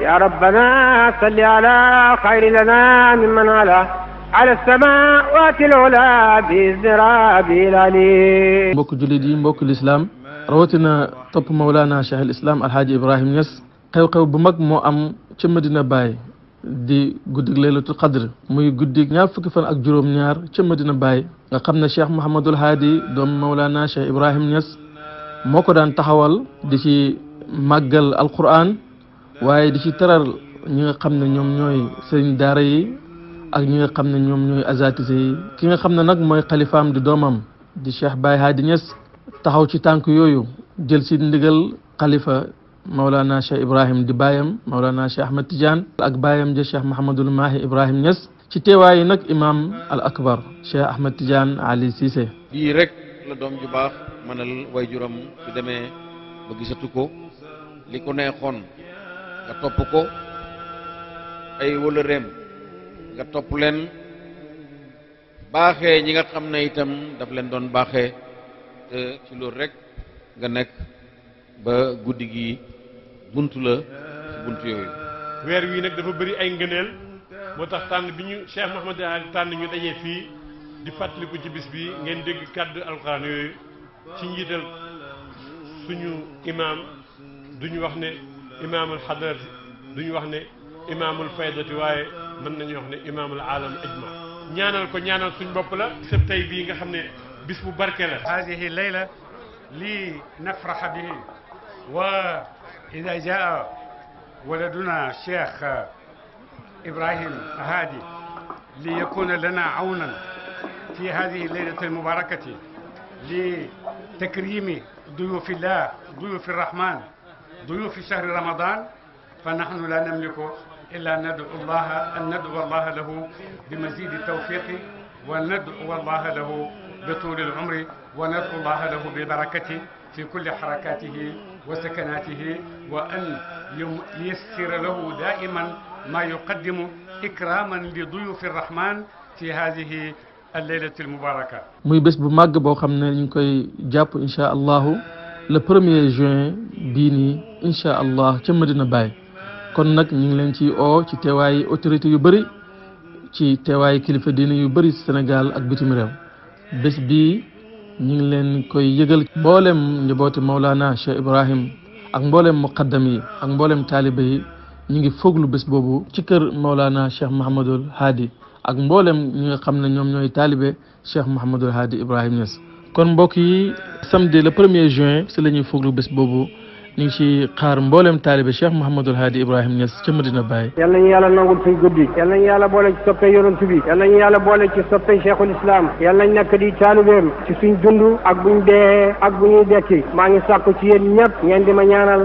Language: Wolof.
يا ربنا صل على خير لنا ممن على على السماء السماوات العلا بالزرابيل عليك بوك جليدي بوك الاسلام روتنا طب مولانا شيخ الاسلام الحاج ابراهيم يس خيو خيو بمك مو ام تي مدينه باي دي غودك ليله القدر موي غوديك نيا فك فان اك جوروم نيار تي مدينه باي nga xamne cheikh mohammed ul hadi dom maulana cheikh ibrahim nias moko dan taxawal di ci magal waaye di ci teral ñi nga xam ne ñoom ñooy sëriñ daara yi ak ñi nga xam ne ñoom ñooy azatise yi ki nga xam ne nag mooy xalifaam di doomam di Cheikh Baye Hadi Niass taxaw ci tànk yooyu jël si ndigal xalifa Maulana Cheikh Ibrahim di baayam Maulana Cheikh Ahmed Tidiane ak baayam di Cheikh Mahamadul Mahi Ibrahim Niass ci teewaayi nag imam al akbar Cheikh Ahmed Tidiane Ali Cissé. lii rek la doom ju baax mënal waajuram su demee ba gisatu ko ko neexoon nga topp ko ay wëlëreem nga topp leen baaxee ñi nga xam ne itam daf leen doon baaxee te ci loolu rek nga nekk ba guddi gi bunt la ci bunt yooyu weer wii nag dafa bëri ay ngëneel moo tax tànn bi ñu Cheikh Mouhamed Ali tànn ñu dajee fii di fàttaliku ci bis bi ngeen dégg kàddu alxuraan yooyu ci njiital suñu imaam duñu wax ne إمام الحضر دنيوهني إمام الفائدة واي من دنيوهني إمام العالم إجمع نيانا لكو نيانا سن بوكولا سبتاي بيغا خمني بسم بركلا هذه الليلة لي نفرح به وإذا جاء ولدنا الشيخ إبراهيم هادي ليكون لنا عونا في هذه الليلة المباركة لتكريم ضيوف الله ضيوف الرحمن ضيوف شهر رمضان فنحن لا نملك إلا أن ندعو الله أن ندعو الله له بمزيد التوفيق وندعو الله له بطول العمر وندعو الله له ببركته في كل حركاته وسكناته وأن ييسر له دائما ما يقدم إكراما لضيوف الرحمن في هذه الليلة المباركة. مي بس bu màgg boo xam ne ñu koy le premier juin bii nii incha allah ca Medina Baye kon nag ñu ngi leen ci o ci teewaayu autorité yu bëri ci teewaayu kilifa diine yu bëri Sénégal ak bitim réew bés bi ñu ngi leen koy yëgal mboolem njabooti Maulana Cheikh Ibrahim ak mboolem muqaddam yi ak mboolem taaliba yi ñu ngi fooglu bés boobu ci kër Maulana Cheikh Mahamadul Hadi ak mboolem ñi nga xam ne ñoom ñooy taalibe Cheikh Mahamadul Hadi Ibrahim Niass kon mbokk yi samedi le premier juin si la ñuy foglu bés boobu ñu ngi ci xaar mbooleem taalibe Cheikh Mouhamadul Hadi Ibrahima Niass ca Medina Baye yal nañu yàlla nangul suñ guddi yal nañu yàlla boole ci soppe bi yal nañu yàlla boole ci soppe Islam yal nañ nekk di taalibeem ci suñ dund ak bu ñuy dekki maa ngi sàkku ci yéen ñëpp ngeen di ma ñaanal